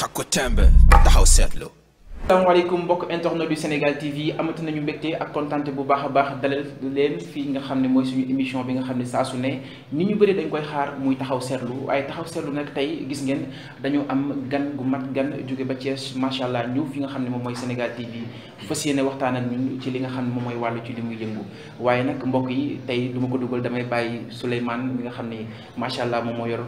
Taco Chamber, the house low asalaamaaleykum mbokk internet du Sénégal TV amati nañu mbégte ak kontante bu baax a baax dalal leen fii nga xam ne mooy suñu émission bi nga xam ne saa su ne nit ñu bëri dañ koy xaar muy taxaw seetlu waaye taxaw seetlu nag tey gis ngeen dañu am gan gu mat gan jóge ba Thiès macha allah ñu fi nga xam ne moom mooy Sénégal TV fas yéene waxtaan ak ñun ci li nga xam ne moom mooy wàllu ci li muy yëngu waaye nag mbokk yi tey du ma ko dugal damay bàyyi mi nga xam ne macha allah moom moo yor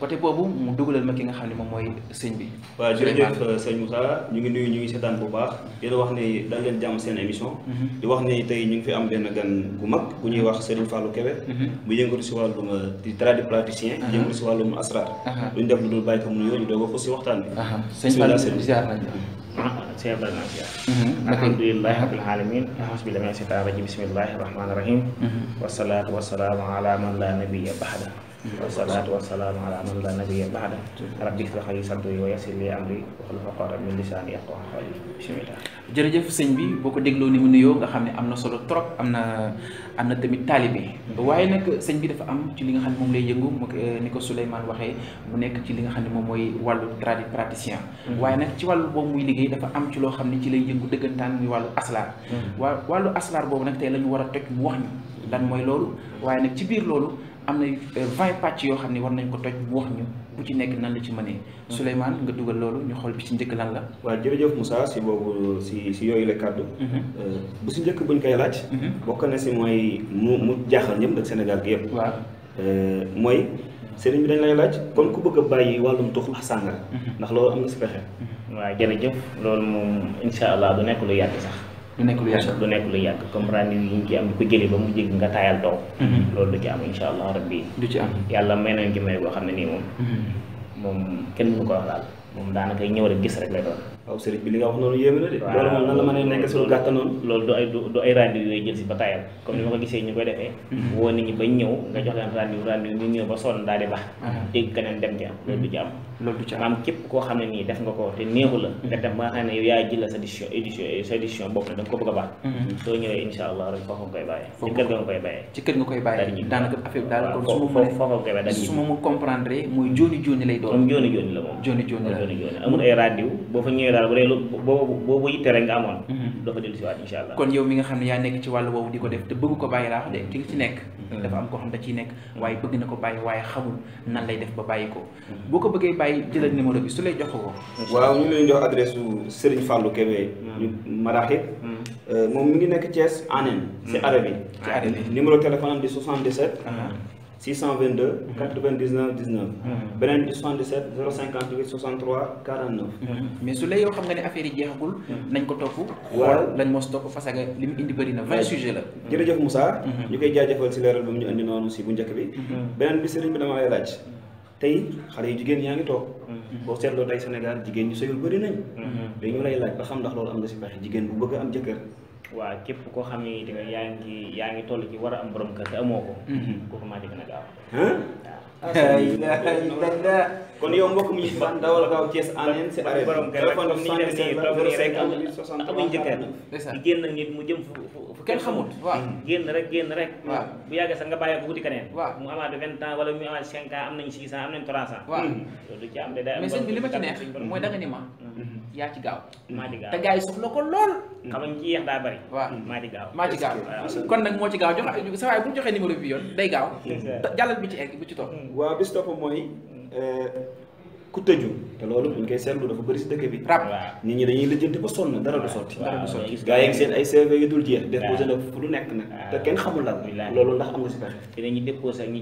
côté boobu mu dugalal ma ki nga xam ne moom mooy sëñ bi. Souleymane ñu ngi nuyu ñu ngi seetaan bu baax di la wax ne dañ leen jàmm seen émission mhm. di wax ne tey ñu ngi fi am benn gan gu mag bu ñuy wax Serigne Fallou Kébé bu mhm. yëngatu si wàllum euh, di tradipraticien mhm. yëngatu si wàllum asrar duñ def lu dul bàyyi ko mu nuyoo ñu doog a xuus si waxtaan bi ah, sëñ Fallou ziar nañ sëñ Abdoulaye Malick Diar alhamdulilahi rabbil alamin bismillahi rahmani rahim wasalaatu wasalaamu ala man la nabiya baxda wasalaatu wasalaamu ala man la nabiyya ba'da rabbi ishrah li sadri wa yassir jërëjëf sëñ bi boo ko dégloo ni mu nuyoo nga xam ne am na solo trop am na am na tamit taalibe waaye nag sëñ bi dafa am ci li nga xam ne moom lay yëngu mu ni ko Souleymane waxee mu nekk ci li nga xam ne moom mooy wàllu tradipraticien waaye nag ci wàll boobu muy liggéey dafa am ci loo xam ne ci lay yëngu dëggantaan muy wàllu aslaar waa wàllu aslaar boobu nag tey la war a toj mu wax ñu lan mooy loolu waaye nag ci biir loolu am na euh, vingt pàcc yoo xam ne war nañ ko toj mu wax ñu bu ci nekk nan la ci ma mënee. Souleymane nga dugal loolu ñu xool bi ci njëkk lan la. waaw jërëjëf Moussa si boobu si si yooyu la kàddu. Mhm. Euh, bu si njëkk buñ koy laaj. Mhm. bokk na si mooy mu mu jaaxal ñëpp nag Sénégal gi yëpp. waaw euh, mooy sëriñ bi dañ laaj kon ku bëgg a bàyyi wàllum tuxum ak sàngara. Mhm. ndax loolu am si pexe. waaw jërëjëf loolu moom incha allah du nekk lu yàgg sax. du nekk lu yàgg du nekk lu yàgg comme rendez-vous yi ñu ci am di ko jëlee ba mu jéggi nga taayal toog mm-hmm. loolu du ci am insha allah rabbi du ci am yàlla may na ci may boo xam ne nii moom mm-hmm. moom kenn mënu ko wax daal moom daanaka ñëw rek gis rek lay doon waaw sëriñ bi li nga wax noonu yéeme na de loolu moom la mën a nekk suñu gàtt noonu loolu du ay du ay rendez yooyu jël si ba taayal comme ni ma ko mm-hmm. gisee ñu koy defee woo nit ñi bañ ñëw nga jox leen rendez-vous rendez ñu ñëw ba sonn daal di bax uh-huh. keneen dem ja loolu du loolu du ci am maanaam képp koo xam ne nii def nga ko te néewu la mm-hmm. nga dem ba nga xam ne yow yaay jël sa décision édition sa décision bopp ne da nga ko bëgg a baax mm-hmm. soo ñëwee insha allah rek foofu nga koy bàyyee kon su ma mu comprendre mooy jooni jooni lay doon moom jooni jooni la moom jooni jooni la jooni amul ay radio boo fa ñëwee daal bu dee lu boobu boobu yitte rek nga amoon mm-hmm. doo fa dellu si insha allah kon yow mi nga xam ne yaa nekk ci wàll woowu di ko def te bëgg ko bàyyi laa dafa am koo xam da ciy nekk mm-hmm. waaye bëgg na ko bàyyi waaye xamul nan lay def ba bàyyi ko mm-hmm. boo ko bëggee bàyyi jëlal numéro bi su lay jox ko waaw ñu ngi leen jox adresse su Serigne Fallou Kébé mm-hmm. ñu euh, moom mi ngi nekk Thiès Anen ci arabe yi ci arabe yi numéro téléphone di 77 622 99 19. benen bi 77 058 63 49. mais su lay yoo xam nga ni affaire yi jeexagul. Mhm. nañ ko topp. waaw lañ mo topp parce que li indi bari na 20 sujet la. jeuf Moussa. Mhm. ñu koy jaajëfal si leeral ba ñu andi nonu ci bu njëkk bi. Mhm. benen bi sëriñ bi dama lay laaj. tay xalé yu jigéen yaa ngi toog. boo seetloo tey Sénégal jigéen ñi sëyul bëri nañ. dañu lay laaj ba xam ndax loolu am nga ci pexe jigéen bu bëgg am jëkkër. wa kep ko xamni ne da nga yaangi yaangi tollu ci wara am borom kër amoko amoo ko. kooku maa dégg na gaaw. kon yow mbokk mi ban dawal gaaw Thiès en yéen c'est arrêté borom kër rek ni ni def nii toog nii rek amuñ jëkkër di génn nit mu jëm fu kenn xamut. genn rek genn rek. bu yàggee sa nga baye ko wuti kenen waaw mu amaat 20 ans wala mu amaat 5 ans am nañ 600 am nañ 300 ans. waaw ci am de da am. mais seen bi lima ci neex moy da nga ni ma. Hmm. yaa ci gaaw. Mm-hmm. maa di gaaw te gars yi soxla ko lool. Mm-hmm. xam nga daa bëri. waaw mm-hmm. maa di gaaw maa ci gaaw kon nag moo ci gaaw jox sa waay bu ñu joxee numéro bi yoon day gaaw. jàllal bi ci egg bi ci topp. waaw bis mooy. Euh, ku tëju te loolu buñ koy seetlu dafa bëri si dëkk bi rab nit ñi dañuy lijjanti ba sonn dara du sotti dara du sotti gaa yi ngi seen ay CV yu dul jeex déposé nag fu lu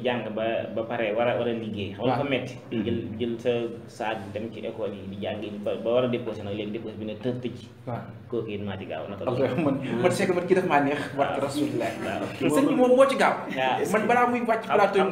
jàng ba ba pare war a war a liggéey xam nga fa metti mm-hmm. jël jël sa saag dem ci école yi di jàng ba war a déposé nag léegi déposé bi ne tëj tëj waaw kooku it maa ci gaaw naka man mm-hmm. man seeg man kii daf maa neex barke rasulillah sëñ bi moom moo ci gaaw man balaa muy wàcc plateau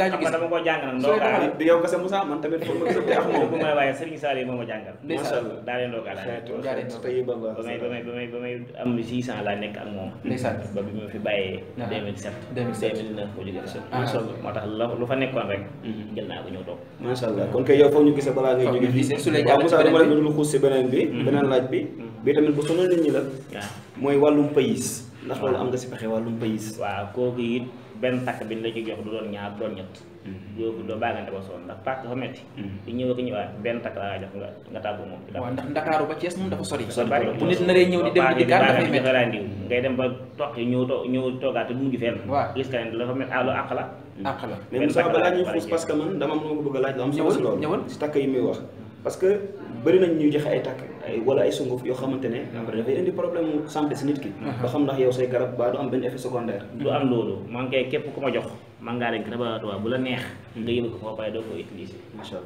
yi daa ñu may waaye moom a jàngal. macha allah daa leen doog a laaj. ba may ba may ba may ba may am 600 laa nekk ak moom. ba bi ma fi bàyyee. 2007 2007 2009 bu jógee sën. macha allah moo tax lu fa nekkoon rek. Mm-hmm. jël naa ko ñëw toog. macha allah kon kay yow foog ñu gisee balaa ngay jógee fii. su dee Moussa dama leen dul xuus si beneen bi. Mm-hmm. beneen mm-hmm. tamit bu sonal nit ñi la. waaw mooy wàllum pays ndax loolu am nga si pexe wàllum payis waaw kooku it benn pàkk bi la ci jox du doon ñaar du ñett yooku mhm. doo bàggante ba soon dafa metti mhm. di ñëw ak ndax Ndakaaru ba Thiès moom dafa sori bu nit naree ba toq ah, la àq la mhm. mais Moussa balaa ñuy xuus parce que man dama am lu ma ko bëgg laaj lu am solo si loolu si takk yi muy wax parce que bëri nañ ñuy joxe ay takk ay wala ay sunguf yoo xamante ne après dafay indi problème santé si nit ki ba xam ndax yow say garab baa du am benn effet secondaire du am loolu man kay ku ma jox man ngaa leen ko rabatoowaa bu la neex nga yóbbu ko foofu waaye doo ko utiliser macha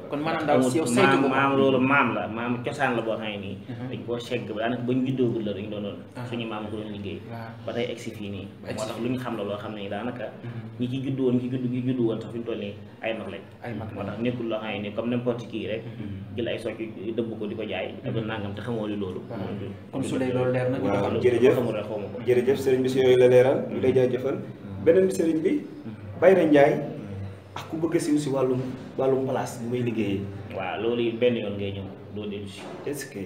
maam loolu maam la maam cosaan la boo xam ne nii mhm. dañ koo segg ba daanaka ah. ba ñu xam la loo xam ne daanaka mhm. ñi ci judd woon ñi ci judd ñi judd woon sax fi ñu toll nii ay mag mhm. di ko jaay ak nangam te xamoo li loolu kon su dee loolu leer na waaw jërëjëf xamul rek jërëjëf sëriñ bi si yooyu la leeral ñu lay jaajëfal beneen bi sëriñ bi Bayra Ndiaye ak ku bëgg a si wàllum wàllum place bu may liggéeyee. waaw loolu yi benn yoon ngay ñëw doo dellu si. est-ce que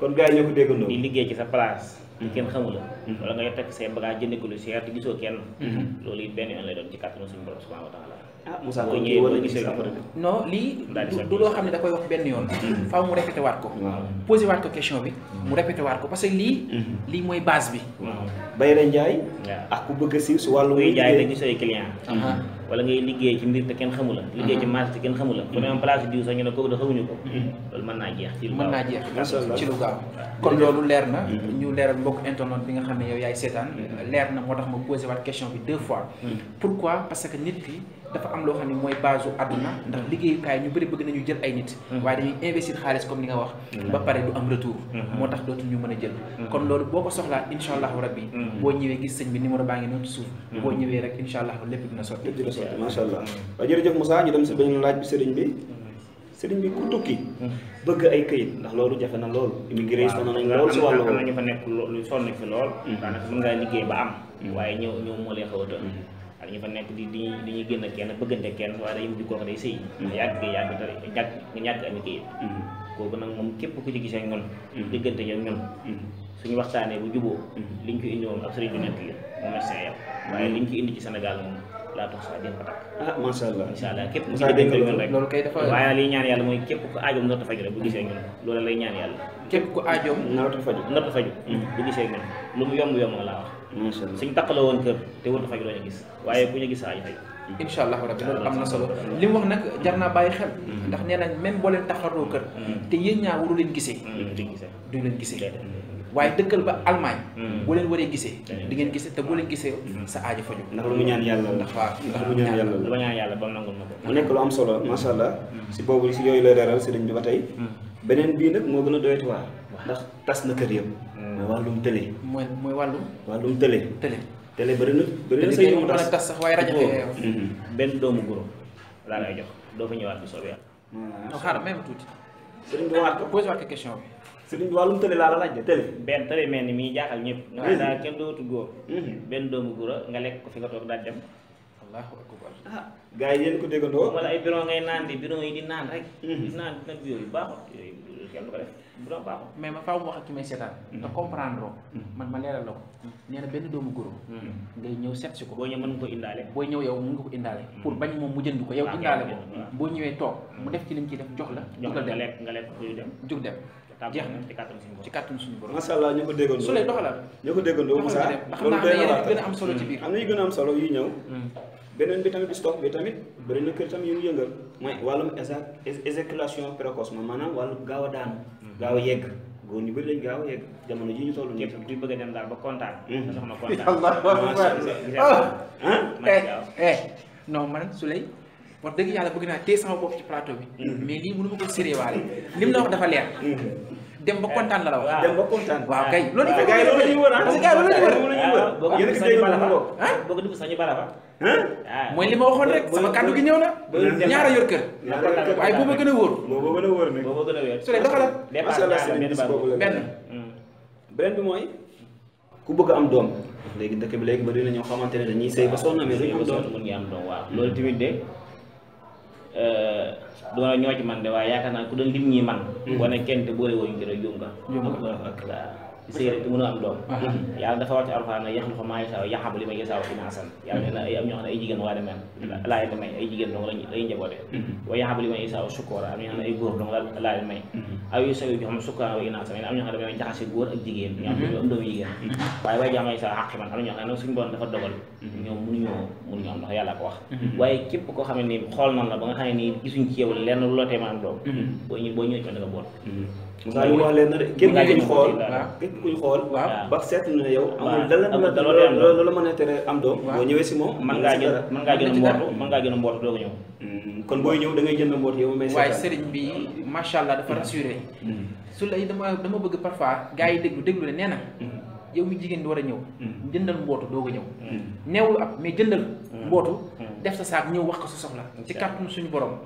kon gars yi ñoo ko déggandoo. di liggéey ci sa place. ñu mm-hmm. kenn xamul la. Mm-hmm. wala nga yor takk say bagage jëndee ko lu cher te gisoo kenn. Mm-hmm. loolu yi benn yoon lay doon ci kàttanu suñu borom subhanahu wa taala ah Moussa Koy ñëwee wala gis après non lii du loo xam ne da koy wax benn yoon mm-hmm. faaw mu répété waat ko posé waat ko question bi mu mm-hmm. répété waat ko parce que lii mm-hmm. lii mooy base bi Bayra Ndiaye ak ku bëgg a siiw si wàllu ngay jaay dañu say client uh-huh. wala ngay liggéey ci mbir te kenn xamu la uh-huh. liggéey ci marché te kenn xamu la ku ne am diw sax ne kooku da xamuñu ko uh-huh. loolu mën naa jeex ci lu gaaw ci lu gaaw kon loolu leer na ñu leeral mbokk internet bi nga xam ne yow yaay seetaan leer na moo tax ma que nit ki dafa am loo xam ne mooy base su àdduna ndax liggéeyukaay ñu bëri bëgg nañu jël ay nit mhm. waaye dañuy investir xaalis comme ni nga wax mhm. ba pare du am retour mhm. moo tax ñu mën a jël kon loolu boo ko soxlaa insha allahu rabbi boo ñëwee gis sëñ bi numéro baa ngi noonu ci suuf boo ñëwee rek insha allah lépp dina sotti lépp dina sotti macha allah waaw jërëjëf Moussa ñu dem si beneen laaj bi sëriñ bi sëriñ bi ku tukki bëgg ay këyit ndax loolu jafe na lool immigré sonn nañ lool si wàllu am na ñu fa nekk lu sonn fi lool daanaka mën ngaa waaye ñëw ñëw moo lay xaw a ak ñu fa nekk di di ñuy génn kenn bëggante kenn waaye day mujj kooku day sëy mm-hmm. yàgg nga yàgg te ñàkk nga ñàkk ami kayit mm-hmm. kooku nag moom képp ku ci gisee ñun mm-hmm. diggante ñoom ñun suñu waxtaanee bu juboo liñ ko indi moom ak sëriñ bi nekk yi moom médecin yam waaye liñ ko indi ci Sénégal moom laa tax saa jéem ko takk. ah allah képp ku ci dégg ñun rek loolu kay dafa waaye liy ñaan yàlla mooy képp ku aajoom narta faju rek bu gisee ñun loolu lay képp ku aajoom narta faju narta faju hmm. bu gisee ñun lu mu yomb yomb laa wax suñ taqala woon kër te wërta faju doo ñu gis waaye ku ñu gis aajo faju incha allah rabbi loolu am na solo li mu wax nag jar naa bàyyi xel hmm. ndax nee nañ même boo leen taxaroo kër hmm. te yéen ñaar waru leen gisee duñ leen gisee waaye dëkkal ba Allemagne. Mm. boo leen waree gisee. di ngeen gisee te boo leen gisee mm. sa aajo faju ndax lu mu ñaan yàlla ndax waaw ndax lu mu ñaan yàlla lu mu ñaan yàlla ba ma ko. mu lu am solo macha allah. Mm. si boobu yooyu la leeral sëriñ bi ba bii nag moo gën a doyati waar. ndax tas na kër yëpp. mooy wàllum télé. mooy mooy wàllum. wàllum télé. télé télé bëri na bëri na sëy mu tas sax waaye rajo mm-hmm. benn doomu goro laa lay jox doo fa ñëwaat bu soobee yàlla. xaaral même tuuti. sëriñ bi waat ko posé waat question bi sëriñ wàllum tële laa la laaj de tële benn tële mel ni mii jaaxal ñëpp nga xam daal kenn dootu góor mhm. benn doomu góor nga lekk ko fi nga toog daal dem allahu akbar ah gars yi yéen ko déggandoo wala ay biron ngay naan di biron yi di naan rek mhm. naan nag yooyu baaxut yooyu kenn du ko def bu mais ma faaw wax ak ki may seetaan nga mhm. comprendre man ma leeral la ko nee benn doomu góor ngay ñëw seet si ko boo ñëw man nga ko indaale booy ñëw yow mën nga ko indaale pour bañ moom mu jënd ko yow ah, indaale ko boo ñëwee toog mu def ci lim ci def jox la jógal dem nga lekk nga lekk dem jóg dem jeex na ci kàttanu suñu borom macha allah ñu ko déggandoo su lay doxalaat ñoo ko déggandoo Moussa loolu doy na gën a am solo ci biir am na yu gën a am solo yu ñëw hmm. beneen bi tamit stock bi tamit hmm. bëri na kër tamit yu ñu yëngal mooy hmm. wàllum éjaculation précoce ma maanaam wàllu gaaw a daanu gaaw a yegg góor ñu bëri lañ gaaw a yegg jamono ji ñu toll nii. képp kuy bëgg a dem daal ba kontaan. nga soxna kontaan. yàlla waaw waaw waaw non man Souley. wax dëgg yàlla bëgg naa téye sama bopp ci plateau bi. Mm-hmm. mais lii mënu ko séré lim la wax dafa leer. Mm-hmm. dem ba eh. kontaan la la wax. dem ba kontaan waaw kay. Ah. loolu yëpp ah. gars yi loolu la ñuy la ñuy ah. mooy li ma waxoon rek sama kàddu gi ñëw na. ñaara yor kër. waaye booba gën a wóor. booba gën a wóor nag. booba gën a wóor su dee doxalal. benn hmm. bi mooy ku bëgg am doom. léegi dëkk bi léegi bari na ñoo xamante ne dañuy sëy ba sonn mais duñu am doom mën nga am doom waaw loolu tamit de Eh, du ma ñoo ci man de waaye yaakaar naa ku doon lim ñi man. Hmm. boo ne kenn te boole wuñ ci rek juum nga. juum séeréer te mënoo am doom yàlla dafa wax ci alxuraan ne yaxluqu maa yashaa yaxabu liman yashaa inaasan yàlla nee na ay am ñoo xam ne ay jigéen waaye demeen mhm. laa leen may ay jigéen mhm. wa wa mhm. inaasan koo xam ne nii xool nan la ba nga xam ne nii gisuñ ci yow lenn lu la tee ma am doom boo ñu man da boot mën wax leen na de kenn kuñ xool kenn kuñ xool ba seetlu ne yow amul la mën a tere am doom boo ñëwee si moom mën ngaa jël mën ngaa jël mbootu mën ngaa jël mbootu doo ko ñëw mm-hmm. kon booy ñëw da ngay jënd mbootu yow mais waaye sëriñ bi macha allah dafa mm-hmm. rassuré mm-hmm. su lay dama dama bëgg parfois gars yi déglu déglu ne na yow mi jigéen di war a ñëw jëndal mbootu doo ko ñëw neewul ab mais jëndal mbootu def sa saak ñew wax ko sa soxla ci kàttanu suñu borom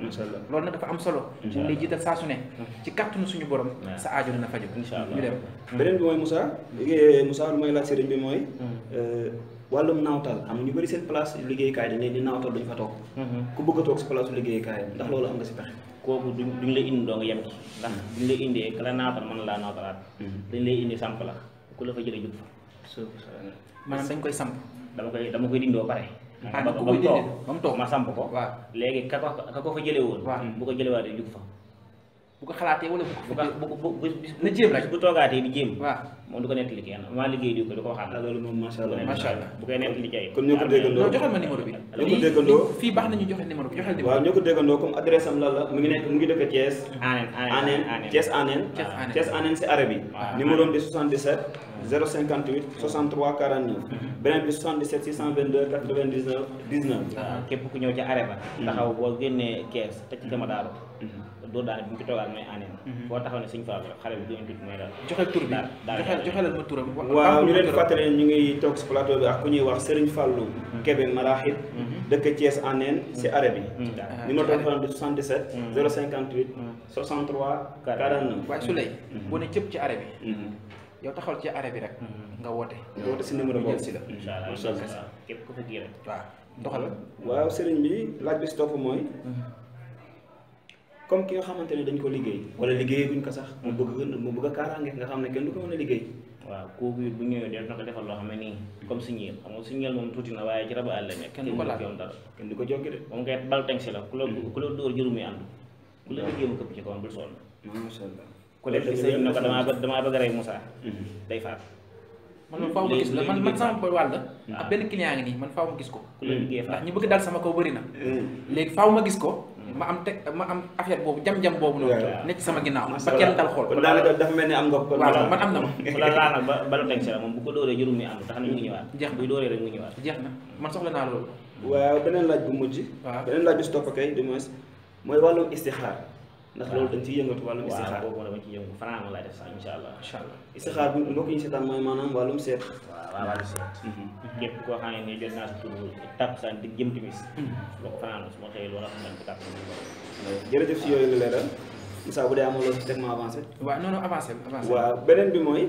loolu nag dafa am solo mu lay jiital saa su ne ci kàttanu suñu borom sa aajo dina faju ñu dem benen bi moy musa eh, musa lu may laaj sëriñ bi hmm. euh walum nawtal am ñu bari seen place liggey kay dañ leen di nawtal duñ fa tok hmm. ku bëgg tok ci place liggey kay ndax loolu am nga ci pexe kooku duñ duñ la indi do nga yem ci ndax duñ hmm. lay indi kala nawtal man la nawtalat dañ lay indi sample la ku la fa jëlé jóg fa manam dañ koy samp dama koy dama koy dindo pare ah ba mu toog ma samp ko léegi ka ko ka ko fa jëlee woon bu ko jëlewaatee jug fa bu ko xalaatee wala bu ko bu bu na jéem rek bu toogaatee di jéem. waaw moom du ko nettali kenn maa liggéey di ko du ko waxaat. loolu allah bu koy nettali ci ay. comme ñoo ko déggandoo bi. fii baax na joxe numéro bi waaw ñoo ko déggandoo comme adresse am la mu ngi nekk mu ngi dëkk Thiès. Anen Anen Anen Thiès Anen. Thiès Anen si arabe yi. waaw numéro am di 77. 058 63 49. beneen bi 77 622 99 19. képp ku ñëw ca doo daane bu ñu ko mooy aaneen foo mhm. taxaw ne suñ faalu xale bi duñu tudd mooy daal joxe tur bi joxe leen ma turam waaw ñu leen fàttali ñu ngi toog si plateau bi ak ku ñuy wax Serigne Fallou mhm. Kébé Marahib mhm. dëkk Thiès aaneen si arab yi ah, numéro téléphone bi 77 058 63 49 waaye su lay boo ne ci arab yi yow taxawal ci arab yi rek nga woote nga woote si numéro boobu si la inshallah képp ku fa génn waaw sëriñ bi laaj bi si topp mooy comme ki nga xamante dañ ko liggéey wala liggéey buñ ko sax mu bëgg mu bëgg karangé nga xamné kenn du ko mën liggéey waaw kooku bu ñëwee def na ko defal lo xamné ni comme signal xam nga signal moom tuti na waye ci rabu Allah ne kenn du ko laaj dara kenn du ko joggi de moom ngay bal teng si la ku la mm-hmm. ku la dóor juróomi and ku la liggéey mu kepp ci kawam bul sonn ku la fi sëñ na ko damaa bëgg damaa bëgg rey Moussa mm-hmm. day faat man man faaw ma gis la man man sama boy wàll ak benn client ngi nii man faaw gis ko ku la liggéey mm-hmm. ndax ñu bëgg dal sama kaw bëri na léegi faaw ma gis ko ma am teg ma am affaire boobu jam-jam boobu noonu. nekk sama ginnaaw ba kenn dal xool. kon daanaka dafa mel ni am nga ko. waaw man am na ma. la laal ba ba la teg si la moom bu ko dóoree juróomi ànd tax mu ngi ñëwaat. jeex buy dóoree rek mu ñëwaat. jeex na man soxla naa loolu. waaw beneen laaj bu mujj. waaw beneen laaj bu si topp kay du moins mooy wàllu istixaar ndax loolu dañ ciy yëngatu wàllum istixaar waaw boobu dama ciy yëngu franc laay def sax incha allah incha allah istixaar bu mbokk yi seetaan mooy maanaam wàllum seet waaw waaw wàllum seet mhm. Mhm. képp koo xam ne jël naa si tur takkusaan di jëm timis loo mhm. ko franc la su ma xëyee loolu xam nañ ko bu dee amoo loolu si teg ma avancé waaw non avancé avancé beneen bi mooy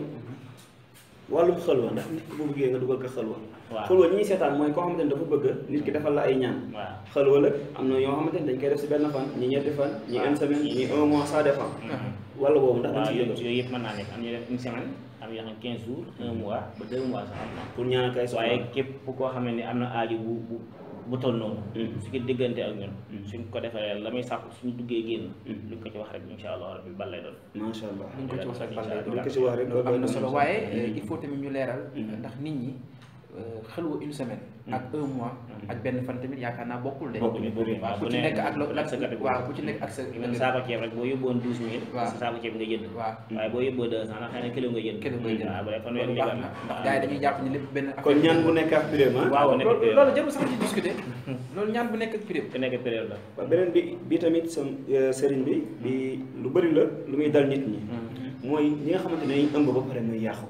wàllum xalwa ndax nit ki boo bëggee nga dugal ko xalwa xalwa ñi ñuy seetaan mooy koo xamante ne dafa bëgg nit ki mm. defal la ay ñaan xalwa la am na ñoo xamante dañ koy def si benn fan ñi ñetti fan ñi une semaine ñi un mm-hmm. semaine am yoo xam quinze jours un mm-hmm. mois ba deux mois sax am na pour ñaan kay waaye képp koo xam ne am na aajo bu bu toll su mm. suñu diggante ak ñun mm. suñ ko defaree la muy sàkku suñu duggee génn mm. luñ ko ci wax rek insha allah rabbi bal lay doon masha allah luñ ko ci wax rek bal lay doon am na solo waaye il faut tamit ñu leeral ndax nit ñi xelwa une semaine. Mm. ak un mois. Mm. ak benn fan tamit yaakaar naa bokkul de. bokkul de waaw ku ci nekk ak la sa catégorie waaw ku ci nekk ak sa. ceeb rek boo yóbboon douze mille. waaw waaw boo yóbboo la xëy na waaw ah? loolu baax na ni ñi. Mm. mooy ñi nga xamante ne dañuy ëmb ba pare muy yàqu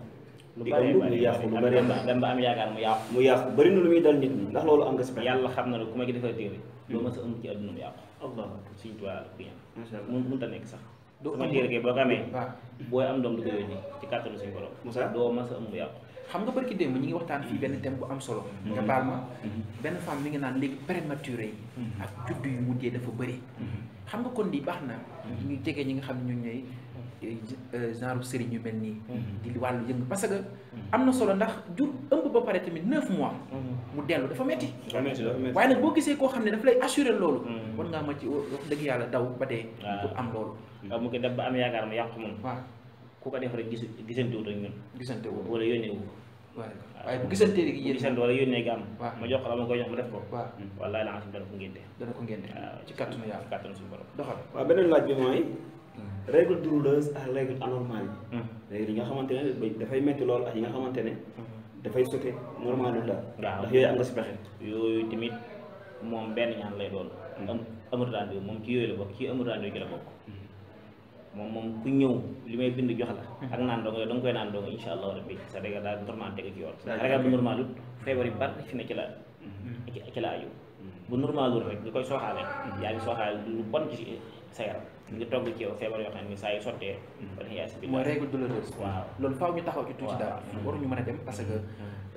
di ko mu yàqu lu bëri dem ba am yaakaar mu yàqu mu yàqu bëri na lu dal nit ñi ndax loolu am nga si yàlla xam lu ku gi ma sa ci mu allah suñu tuwaa la yam mun mun ta nekk sax sama téere kay boo ko amee booy am doom du ko yónni ci kàttanu suñu borom Moussa doo ma sa ëmb yàqu xam nga barki démb ñu ngi waxtaan fii hmm. benn thème bu am solo hmm. nga baal ma hmm. benn femme mi ngi naan prématuré ak juddu yu dafa xam nga kon ñu ñi nga xam ñun Euh, genre sëriñ yu mel nii. Mhm. di wàllu yëngu parce que. Mhm. am na solo ndax jur ëmb ba pare tamit neuf mois. Mhm. mu dellu dafa metti waaye nag boo gisee koo xam ne daf lay assuré loolu. war yónnee wu. waaye bu gisantee rek yéen gisante yónnee nga am ma jox ko la ma koy jox ma def ko waaw hmm. wallaay la nga xam dana ko ngénte dana ko ngénte waaw ci kàttanu yàlla ci kàttanu suñu borom doxal waaw beneen laaj bi mooy Mm. règle douloureuse ak règle anormale yi. Mm. règle nah, yi nga xamantene da fay metti lool ah, ak yi nga xamantene mm. da fay sauté normal la waaw ndax yooyu am nga ci pexe. yoy timit mom ben ñaan lay doon. amul radio mom moom ci yooyu la bok ci amul radio ki ci la bok mom mom ku ñew limay bind jox la. ak naan ya, dong nga koy naan do nga inshallah rabbi sa régal da normal teg ci yoon. régal bu normal lu febrari bar ci ne ci la. ci la aju. bu lu rek dikoy soxale yaangi soxale lu bon ci. sa yaram hmm. ngi togg ci yow feebar yoo xam ne saa yu sottee hmm. bi mooy règle douloureuse waaw loolu faaw ñu taxaw ci tuuti daal hmm. ñu mën a dem parce que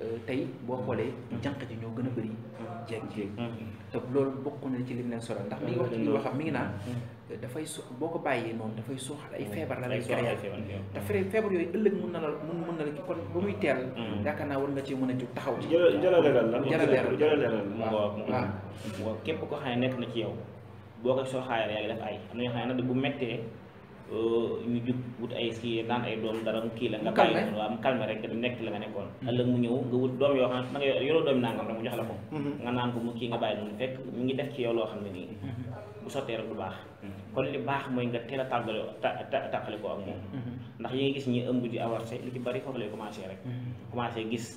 euh, tey boo xoolee jànq ji ñoo gën a bëri jeeg jeeg te loolu bokk na ci lim leen soral ndax mi wax ci li waxam mi ngi naan dafay su boo ko bàyyee noonu dafay suuxal ay feebar la lay créer te feebar yooyu ëllëg mun na la mun na la ki kon ba muy teel yaakaar naa war nga ci mën a jóg taxaw ci jëla leeral la jëla leeral la waaw ah. waaw képp ko xam ne nekk na ci yow boo koy sooxaayal yaa ngi def ay am na ñoo xam ne nag bu méttee uh, ñu jug wut ay si naan ay doom dara mu kii la nga bàyyi waaw mu calme rek nekk la nga nekkoon hmm. ëllëg mu ñëw nga wut doom yoo xam ne da nga yoroo doomi nangam rek mu jox la ko hmm. nga naan ko mu kii nga bàyyi noonu fekk mu ngi def ci yow loo xam ne nii hmm. bu sottee rek du baax kon li baax mooy nga teel a tàggale tàqale ko ak moom ndax yi nga gis ñi ëmb di awar li ci bari foofu lay commencé rek commencé gis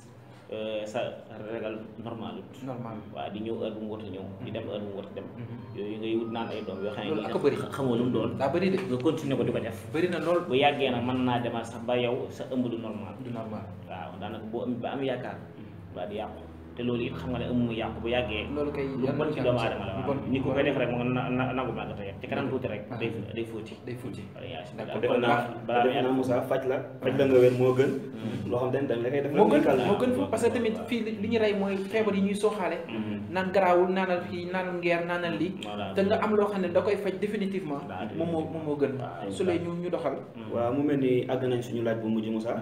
Euh, sa regal normalut normalut waaw di ñëw heure bu mu war a ñëw di dem heure bu mu war dem mhm. yooyu ngay wut naan ay doom yoo xam ne ak bëri xamoo lu mu doon daa bëri de nga continuer ko di ko def bëri na lool bu yàggee na mën naa demal sax ba yaw sa ëmb du normal du normal waaw daanaka boo am ba am yaakaar mhm. waa di yàqu te loolu it xam nga ne ëmm mu yàqu bu yàggee lu bon ci doomu aadama la waaw ni ko koy def rek moom nangu màgg te ci kanam tuuti rek day day fóoti day fóoti balaa def naa Moussa faj la mm. faj la nga wér moo gën mm. loo xam ne tamit da ngay def moo gën moo gën foofu parce que tamit fii li ñu rey mooy feebar yi ñuy sooxaale mm-hmm. naan garaawul naanal fii naanal ngeer naanal lii te nga am loo xam ne da koy faj définitivement moom moo moom moo gën su lay ñu ñu doxal mm. waaw mu mel ni àgg nañ suñu laaj bu mujj Moussa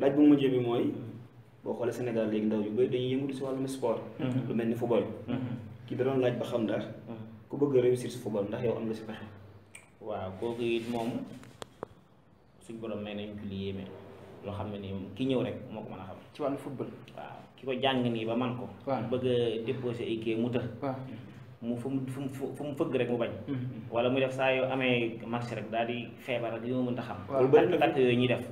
laaj bu mujj bi mooy boo xoolee Sénégal léegi ndaw yu bay dañuy yëngu ci wàllum sport. Mhm. lu melni football. Mhm. ki da doon laaj ba xam ndax. Mhm. ku bëgg réussir ci football ndax yow am nga ci pexé waaw kooku it mom suñu borom may nañ ci li yéeme lo xamné ni ki ñëw rek moko mëna xam. ci wàllu football. waaw kiko jang ni ba man ko. bëgg déposer ay kii mu të. mu fu mu fu mu fëgg rek mu bañ. wala mu def sa yo amé match rek daal di feebar ak yoo mënta xam. waaw lu bëri takk def.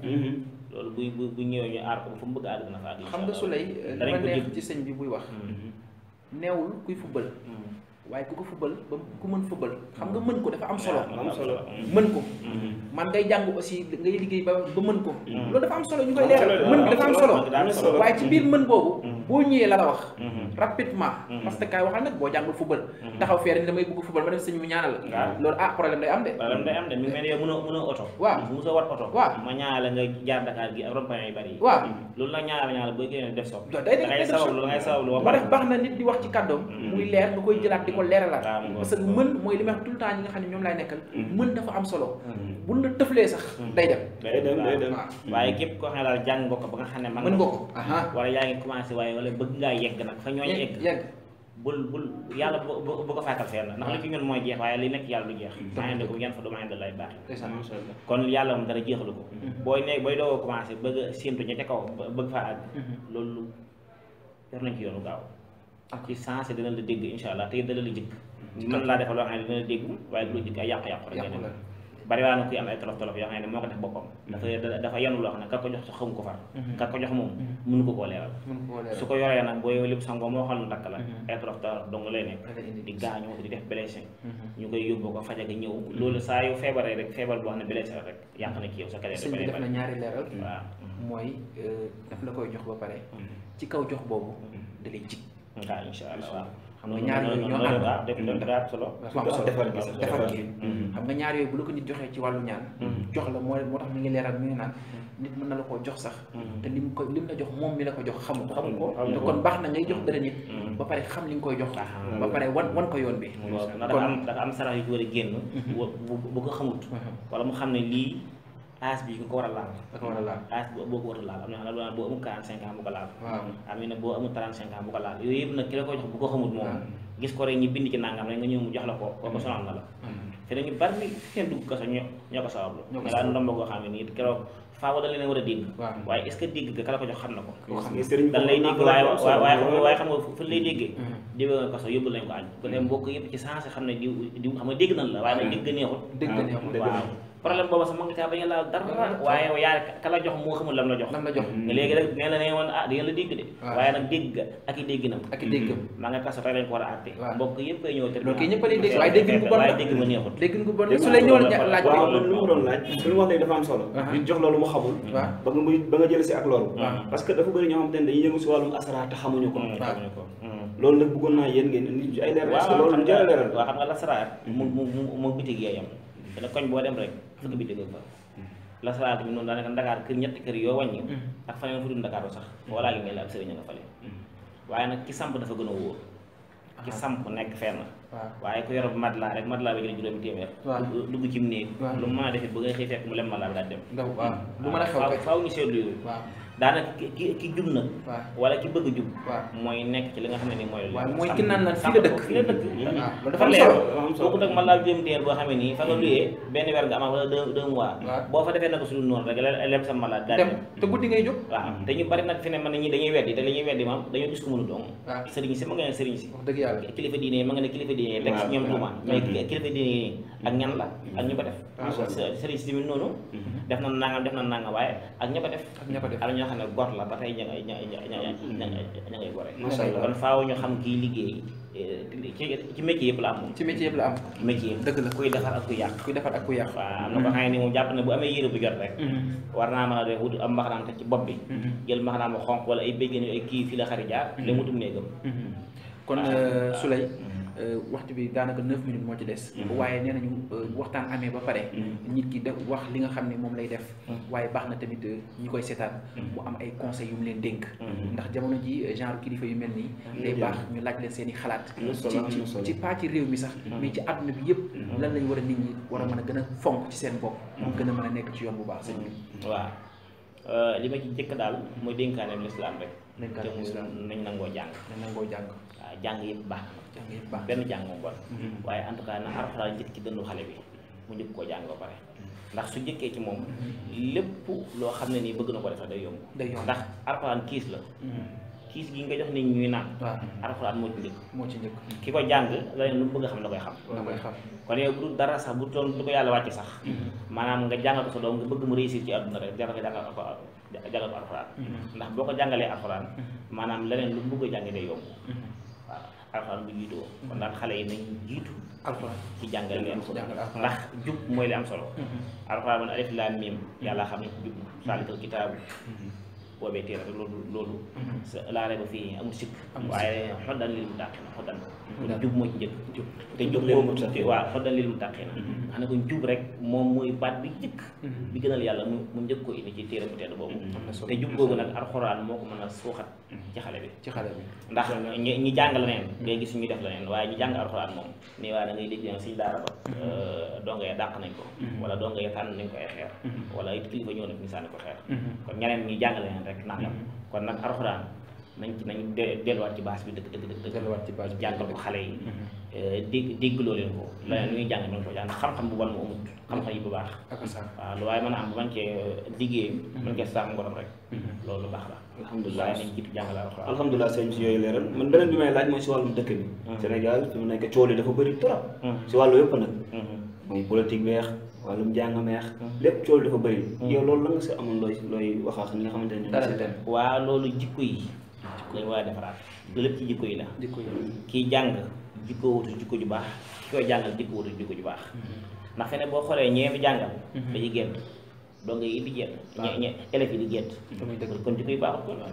loolu buy bu bu ñëwee ñu aar ko ba fa mu bëgg a àgg na fa àgg xam nga su lay dama neex ci sëñ bi buy wax mm-hmm. neewul kuy fubbal mm-hmm. waaye ku ko fubbal ba ku mën fubbal xam nga mën ko dafa am solo mm-hmm. am solo mën ko man ngay jàng aussi ngay liggéey ba ba mën ko loolu dafa am solo ñu koy leeral mën dafa am solo waaye ci biir mën boobu boo ñëwee la la wax mhm. rapidement mhm. parce que kaay waxal nag boo jàngul football mhm. taxaw feere ni damay bëgg football ma dem sëñ mu ñaanal la loolu ah problème day am de problème day def so day def sabab lu ngay sabab lu def baax na nit di wax ci kàddoom muy leer nga koy jëlaat di ko leeralaat parce que mën mooy li tout le temps ñi nga xam ne ñoom laay nekkal mën dafa am solo bu la tëflee sax. Hmm. day dem day dem day dem hmm. waaye képp koo xam ne daal jàng nga ko ba nga xam ne. mën nga ko wala yaa ngi commencé waaye wala bëgg ngaa yegg nag fa ñoo yegg yegg. bul bul yàlla bu bu ko fàttal seen la ndax li ci mooy jeex waaye li nekk yàlla du jeex hmm. maa indi ko yan fa dama indi lay baax kon yàlla moom dara jeexalu ko booy nekk booy doo commencé bëgg a séentu ña ca kaw loolu yor nañ ci yoonu gaaw ak ah. ci sensé dina la dégg insha allah te dina la jëkk mën laa defal loo xam ne dina la dégg waaye du la jëkk ay yàqu-yàqu rek bari waa na kuy am ay tolof tolof yoo xam ne moo ko def boppam dafa mm-hmm. dafa yanu loo xam ne ka ko jox sa xamu ko far mm-hmm. ka ko jox moom mm-hmm. mënu ko koo leeral su ko yoree nag boo yow lépp sangoo moo xam lu takk la ay tolof tolof dong lay nekk def blessé ñu koy yóbbu ko faj ak ñëw loolu saa yu feebaree rek feebar boo xam ne blessé rek yàq na ci yow sa carrière sëñ bi def na ñaari leeral waaw mooy euh, daf la koy jox ba pare ci kaw jox boobu da ci jig waaw incha allah waaw xam nga ñaar yooyu ñoo ànd waaw façon defar gi defar gi xam nga ñaar yooyu bu la ko nit joxee ci wàllu ñaan mm-hmm. jox la moo moo tax mi ngi leeral mi naan mm-hmm. nit mën na la koo jox sax mm-hmm. te lim ko lim la jox moom mi la ko jox xamu ko xamu ko te kon baax na ngay jox dara nit ba pare xam li nga koy jox ah, ah. ba pare wan wan ko yoon bi kon dafa am sarax yu ci war a génn bu ko xamut wala mu xam ne lii xaalis bi nga ko war a laal. da ko war a laal boo ko war a laal boo amul 45 ans bu bu ko laal yooyu yëpp nag ki la ko jox bu ko xamul moom. gis la ko kooku mm. sonal mm. ko sabablu. ñoo ko ko jox xam ko. yëpp ci sens xam ne diw xam nga dégg nañ la waaye nag mm. dégg neexul. dégg neexul waaw. problème boobu sax mën nga caa bañ a laal dara waaye yaa ka la jox moo xamul lam la jox lam la jox léegi lu mu doon laaj suñu wax léegi dafa am solo ñu jox xamuñu ko mm, mm. loolu nag bëggoon naa yéen ngeen ay leeral loolu jël leeral waaw xam nga lasaraar mm-hmm. mu mu mu bitig yee yam dana koñ boo dem rek dëkk bi dëgg ak baax la salaat bi noonu daanaka ndakaar kër ñetti kër yoo wàññi mm. ak faneen fu dul ndakaar sax mm. walaa li ngay la ab sëriñ nga fale mm. waaye nag ki samp dafa gën a wóor ki ah. samp nekk fenn waaye ku yorob matelas rek matelas bi jël juróomi téeméer dugg ci mu néeg lu mu mën a defit ba ngay xëy fekk mu lem matelas bi daal dem faaw ñu seetlu yooyu dana ki ki ki na. wala ki bëgg a moy nek ci li nga xam moy lu moy ki nan naan fii la dëkk fi la dëkk. waaw dafa am solo bokkut ak man laa jëm teer boo xam fa nga luyé ben weer nga am wala deux deux mois. bo fa defee nak suñu non rek la lem sa malade. dem te guddi ngay jóg. wa mm. te ñu bari nak fi ne man ñi dañuy wéddi te lañuy wéddi weddi maam dañoo gis ko mënu doom. sëriñ ci ma nga sëriñ ci wax dëgg yàlla kilifa diiné ma nga ne kilifa diiné rek si duma tuuma mais kilifa diiné ak ñan la mm. ak ñu ko def. sëriñ si tamit nonu mm-hmm. def na nangam def na nangam waye ak def ña ko def ñoo xam la ba tey ña ngay ña ña ña ngay gore. macha allah kon faaw ñu xam kii liggéey. Eh, ci ci métier la am moom. ci métier yëpp dëgg la kuy defar ak kuy yàq. kuy defar ak kuy yàq. waaw am na ko xam ne moom jàpp na bu amee yére bu jot rek. Mm-hmm. war naa mën a def wut am mbaxanaam te ci bopp bi. Mm-hmm. jël mbaxanaam xonq wala ay béjjén ay kii fii la xari jaar. li mu tum kon euh, Souley. Mm-hmm. Euh, waxtu bi daanaka neuf minutes moo ci des mm-hmm. waaye nee nañu euh, waxtaan amee ba pare mm-hmm. nit ki def wax li nga xam ne moom lay def mm-hmm. waaye baax na tamit euh, ñi koy seetaan mu am ay conseils yu leen dénk ndax jamono ji genre kilifa yu mel nii day baax ñu laaj leen seen i xalaat ci ci pas ci réew mi sax mais ci àdduna bi yëpp lan lañ war a nit ñi war a mën a gën a fonk ci seen bopp mu gën a mën a nekk ci yoon bu baax sëñ bi waaw li ma ci jëkk daal mooy dénkaane lislaam rek te mu nañ nangoo jàng nañ nangoo jàng yëpp baax na benn jàng moom bon mhm. waaye en tout cas na alxuraan njëkk ci dëndu xale bi mu njëkk koo jàng ba pare mhm. ndax su njëkkee ci moom mhm. lépp loo xam ne nii bëgg na ko def sax day yomb ndax alxuraan kiis la kiis gi nga jox nit ñuy naan alxuraan moo moo ci njëkk ki ko jàng a xam xam da koy xam kon yow bu dara sax bu doon lu ko yàlla wàcce sax maanaam nga jàngal ko sa doom nga ci àdduna rek jàngal ko jàngal ko boo ko jàngalee alxuraan maanaam leneen lu mu bëgg a jàng yomb alxuraan bi jiitu woon kon daal xale yi nañ jiitu alxuraan ci jàngal leen ko ndax jub mooy li am solo mm-hmm. alxuraan man alif laam miim yàlla xam ne jub mm-hmm. salikal kitaabu mm-hmm. boobee téere rek loolu loolu mm-hmm. laa reba fii amul sikk waaye xoddan lil mu tàqi na xoddan mm-hmm. kon jub moo ci njëkk te jub leen waaw xoddan lil mu tàqi na bi njëkk mm-hmm. bi mu mu njëkk ko indi ci téere bu tedd boobu te jub googu nag alxuraan moo ko a suuxat ci xale bi ci xale bi ndax ñu ñi jàng la neen ngay gis ñu def la neen waaye ñu jàng alxuraan moom nii waa da ngay dégg si daara ba euh, donga ya dàq nañ ko wala donga ya tànn nañ ko ay xeer wala it ko xeer kon ñeneen ñi jàng la neen rek nangam kon nag arxuraan nañ ci nañ delluwaat ci base bi dëkk dëkk dëkk delluwaat ci base bi jàngal ko xale yi eh, dégg déggloo leen ko mm-hmm. leneen lu ñuy jàng mën ko jàng xam-xam bu bon mu amut xam-xam yi bu baax waaw lu waaye mën a am bu man cee liggéey man mm-hmm. cee sàmm ngorom rek mm-hmm. loolu baax la alhamdulilah waaye nañ jiitu jàngale alxuraan alhamdulilah sëñ si yooyu leeral man beneen bi may laaj mooy si wàllum dëkk bi Sénégal fi mu nekk coow li dafa bëri trop si wàllu yëpp nag muy politique beex wàllum jàng meex lépp coow ko bëri hmm. yow loolu la si amoon looy looy wax wax ñi nga xamante ne si dem waa loolu jikko yi lañ war a defaraat hmm. loolu lépp ci jikko yi la kii jàng jikko wutu jikko ju baax ki koy jàngal jikko wutu jikko baax hmm. ndax fene boo xoolee ñee fi jàngal dañuy génn donga yi yi di génn kon jikko yu baaxut ko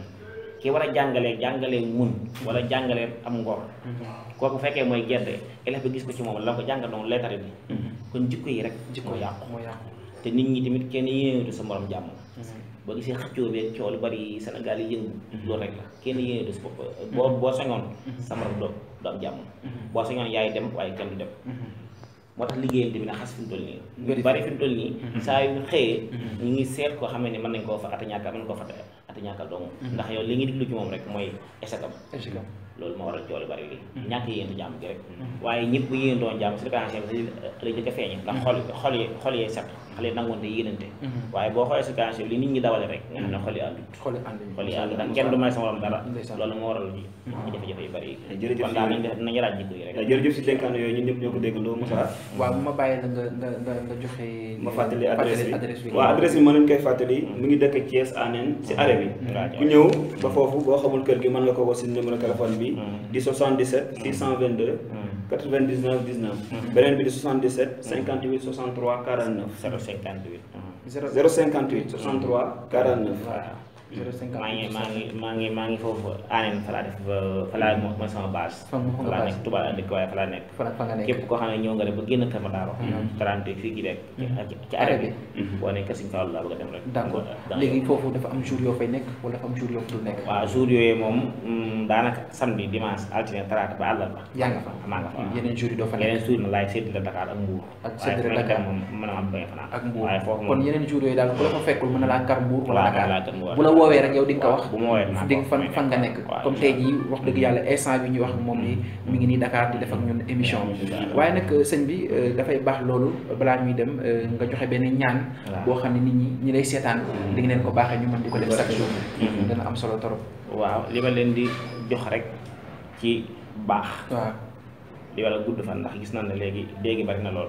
ki war a jàngalee jàngalee mun wala jàngalee am ngor kooku fekkee mooy gerte élève bi gis ko ci moom la ko jàngal noonu leetare bi kon jikko yi rek jikko yàqu te nit ñi tamit kenn yéenewatu sa morom jàmm mm-hmm. boo gisee xëccoo beeg coow lu bari Sénégal yi yëngu mm-hmm. loolu rek la kenn mm-hmm. yéenewatu sa bopp boo boo sañoon sa morom doo du am jàmm boo sañoon yaay dem waaye kenn du dem moo tax liggéeyal bi na xas fi mu toll nii bari fi mu nii saa yu xëyee ñu ngi seet koo xam ne mën nañ koo fa ata ñàkkal mën nañ koo fa ata ñàkkal doomu ndax yow li ngi diglu ci moom rek mooy échec am loolu moo waral a lu bari li hmm. ñàkk yéen jàmm gi rek hmm. waaye ñëpp bu yéen doon jàmm circonstance bi dañ ko feeñe ndax hmm. xol xol yi xol yee set xale yi nangoon te yéenante mm-hmm. waaye boo xoolee situation bi li nit ñi dawale rek nga nga nga joxe ma fàttali adresse bi waaw adresse bi ma leen koy fàttali mu ngi dëkk Thiès Anen si arrêt bi mm-hmm. ku ñëw ba foofu boo xamul kër gi mën nga ko wax si numéro bi mm-hmm. di 77 622 99 19 beneen bi di 77 58 63 49 058. 058 63 49. maa ngi maa ngi maa ngi maa ngi foofu aaneen fa laa def fa laa mooy sama base. fa laa nekk Touba dëkk waaye fa laa nekk. fa laa nekk képp koo xam ne ñëw nga rek ba génn Kër Madaaro. 30 fii mhm. ci rek. ci arrêt bi mhm. boo nekkee Sëñ Fallu laa bëgg a dem rek. d' accord léegi foofu dafa am jour yoo fay nekk wala dafa am jour yoo fa dul nekk. waaw jour yooyu moom mm, daanaka samedi dimanche altine talaata ba àllarba. yaa nga fa maa nga fa yeneen jour yi doo fa nekk yeneen jour yi laay sédd la Dakar ak Mbour. ak sédd la Dakar moom mën a am bañ a fanaan. ak Mbour kon yeneen jour yooyu daal ku la fa fekkul mën na laa kar Mbour wala Dakar woowee rek yow di nga ko wax di nga fan fan nga nekk comme tey jii wax dëgg mm-hmm. yàlla instant bi ñu wax moom ni mi ngi nii Dakar di def ak ñun émission waaye nag euh, sëñ bi euh, dafay baax loolu balaa ñuy dem euh, nga joxe benn ñaan boo xam ne nit ñi ñi lay seetaan mm-hmm. di nga leen ko baax baaxee ñu man di ko def chaque jour mm-hmm. dana am solo trop waaw li ma leen di jox rek ci baax waaw li wala gudd fan ndax gis naa ne léegi léegi bari na lool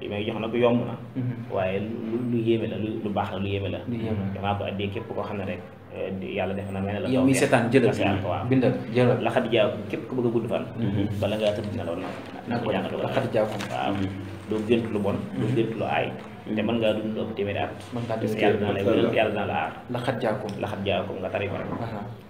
li may jox na ko yomb na mhm. waaye lu lu yéeme la lu baax la lu yéeme la damaa ko addee képp koo xam ne rek eh, yàlla def na mel la yow mi seetaan jëlal waaw bindal jëlal la xadija képp ko bëgg a gudd fan mhm. bala ngaa tëdd na la war na ko jàngatoo la waaw mhm. doo gënt lu bon doo gënt lu aay te mën ngaa dund lu ëpp téeméeri at te yàlla dana la wéral yàlla dana la aar laxat jaakum laxat jaakum nga tari ko rek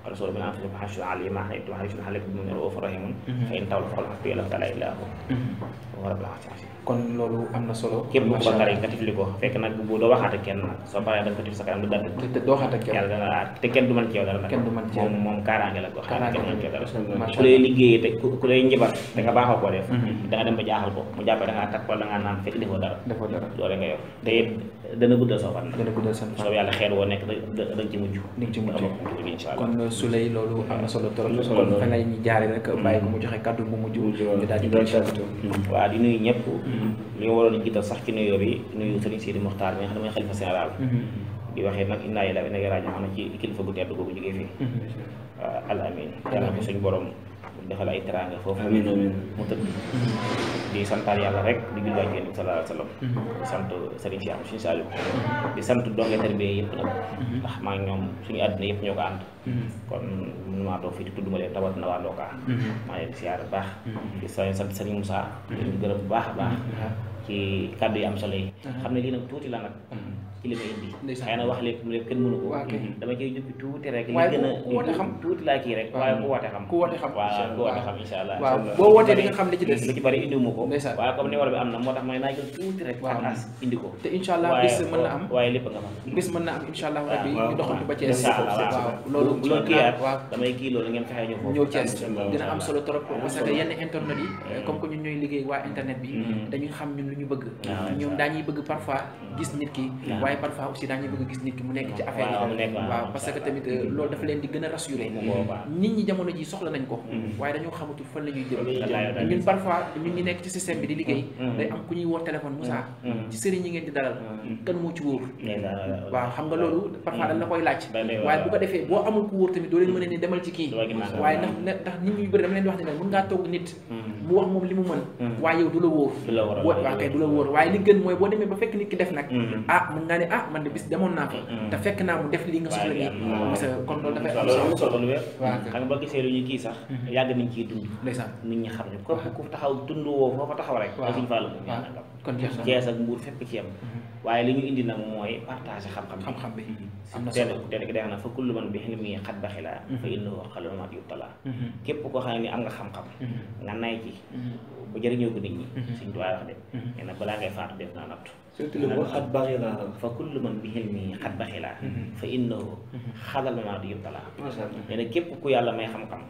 rasul bi naan suñu xasul alima haytu haytu halak bi mun roofa rahimun mhm. fa in tawla faqul hasbi allah ta'ala illa hu mhm. wa rabbul alamin kon loolu am solo képp ku ko tari nga tifli ko fekk nag bu doo waxaat ak kenn nag soo paree da nga ko tif sa kanam du dara te doo waxaat ak kenn yàlla dana la aar te kenn du mën ci yow dara nag kenn du mën ci yow moom moom kaaraange la ko xaar kenn ci dara ku lay liggéeyee te ku lay njibar te nga baaxoo koo def da nga dem ba jaaxal ko mu da dara dara nga day dana guddal sa fan. dana sa fan soo yàlla xeer woo nekk da da nga ci mujj. da nga ci mujj kon su lay loolu solo trop. kon fan lay ñu jaaree rek. Mm-hmm. bàyyi ko mu joxe kàddu bu mujj. ñu daal di doon mm-hmm. waaw nuyu ñëpp. Mm-hmm. li ñu waroon a jiital sax ci nuyoo bi nuyu Serigne Sidi Mokhtar mi nga xam ne mooy xalifa général. di waxee nag inna lillahi wa inna na raaji'uun xam ne ci kilifa gu tedd googu jógee fii. waaw al amin yàlla ko suñu borom. defal ay teraanga foofu mu tëdd di santaal yàlla rek di julwaaj yéen bi sallallahu alayhi wasallam mhm. di sant Serigne Cheikh Moussa Saliou di sant donge tarbiya yëpp nag mhm. ndax maa ngi ñoom suñu àdduna yëpp ñoo ko ànd mhm. kon mënu maa toog fii di tudd ma leen tawat na waa Ndoka maa leen di siyaar bu baax di sant Serigne Moussa di gërëm bu baax a baax ci kàddu yi am solo yi xam ne lii nag tuuti la nag ci li ma indi xëy na wax lépp mu lépp kenn mënu ko mhm. dama ciy jukki tuuti rek li gën a woote xam tuuti waaye ku woote xam ku woote xam insha allah boo wootee di nga xam li ci bari indi ko te insha allah bis mën na am waaye lépp nga ma bis mën na am insha allah rabbi ñu ngeen fexe ñëw foofu dina am solo trop parce que yenn internet yi eh. comme que ñun ñooy liggéey waa internet bi mm-hmm. dañuy xam ñun lu ñu bëgg ah, ñoom daañuy bëgg parfois mm-hmm. gis nit ki ah. waaye yi parfois aussi daañu bëgg gis nit ki mu nekk ci affaire yi waaw parce que tamit euh, loolu dafa leen di gën a rassuré nit ñi jamono ji soxla nañ ko mm-hmm. waaye dañoo xamatul fan la di liggéey mm-hmm. day am ku ñuy woo téléphone Moussa mm-hmm. ci sëriñ ñi ngeen di dalal kan moo ci wóor waaw xam nga loolu parfois dañ la koy laaj waaye bu ko defee boo amul ku wóor tamit doo leen mën a ne demal ci kii waaye ndax ndax nit ñuy bëri dama leen di wax ne nag mën ngaa toog nit mu wax ne ah man de bis demoon naa ko te fekk naa mu def lii nga soxla nii parce que kon loolu dafay am solo loolu xam nga boo gisee lu ñu kii sax mm-hmm. yàgg nañ ciy dund ndeysaan nit ñi xam ne ko ku taxaw dund woo foofa taxaw rek Sëriñ Fallu kon Cees ak Mbuur fépp ci yem mm-hmm. waaye li ñu indi nag mooy partage xam-xam xam-xam bi mm-hmm. na solo teel ki day na fa kullu man bi xilmi xat baxilaa fa innahu xalumat yu talaa képp koo xam ne am nga xam-xam nga nay ci bu jëriñoo ko nit ñi suñ tuwaay wax de nee balaa ngay faatu def naa nattu سيرتي لو واحد باغي لاهم فكل من بهلمي حد باغي لاهم فانه خلل ما ديم طلع ما شاء الله يعني كيف كو يالا ماي خم خم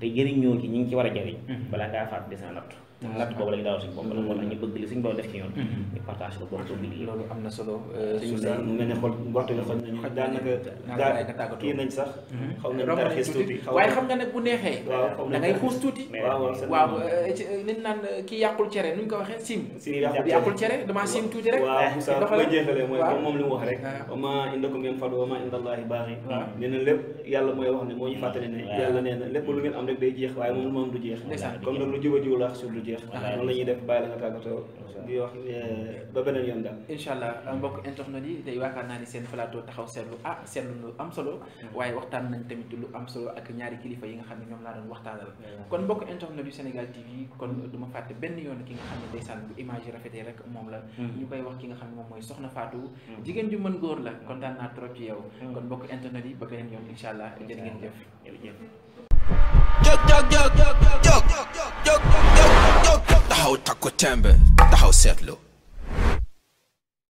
تي جيرين نيو نينكي ورا جيرين بلا غا فات ديسان نوت natt boobu la ñu daaw suñu bopp la moo tax ñu bëgg li suñu bopp def ci ñoom mm-hmm. ñu partage ko bokk bi lii loolu am na solo euh, suñu mu mel ne xool waxtu la xool nañu daanaka daa kii nañ sax mm-hmm. xaw nañ dara xiis tuuti waaye xam nga nag bu neexee da ngay xuus tuuti waaw nit euh, naan euh, kii yàqul cere nu ñu ko waxee sim yàqul cere dama sim tuuti rek waaw eh, sa ba jeexalee mooy comme moom li mu wax rek ah. ma indakum yan fadu wa ma indallaahi baaxi nee na lépp yàlla mooy wax ne moo ñu fàttali ne yàlla nee na lépp lu ngeen am rek day jeex waaye moom lu moom du jeex comme nag lu juba jiwul wax sur lu jeex. noonu la ñuy def la nga di wax ba beneen yoon daal. incha mbokk internet yi ni seen taxaw ah seetlu lu am solo. waaye waxtaan nañ tamit lu am solo ak ñaari kilifa yi nga xam doon waxtaanal. kon mbokk internet TV kon du ma benn yoon ki nga xam ne ndeysaan bu image yi rek moom la. ñu koy wax ki nga Soxna Fatou. ju mën la trop ci yow. kon mbokk internet yi ba beneen yoon allah ngeen jëf. jog jog jog jog jog utakotembe set usettle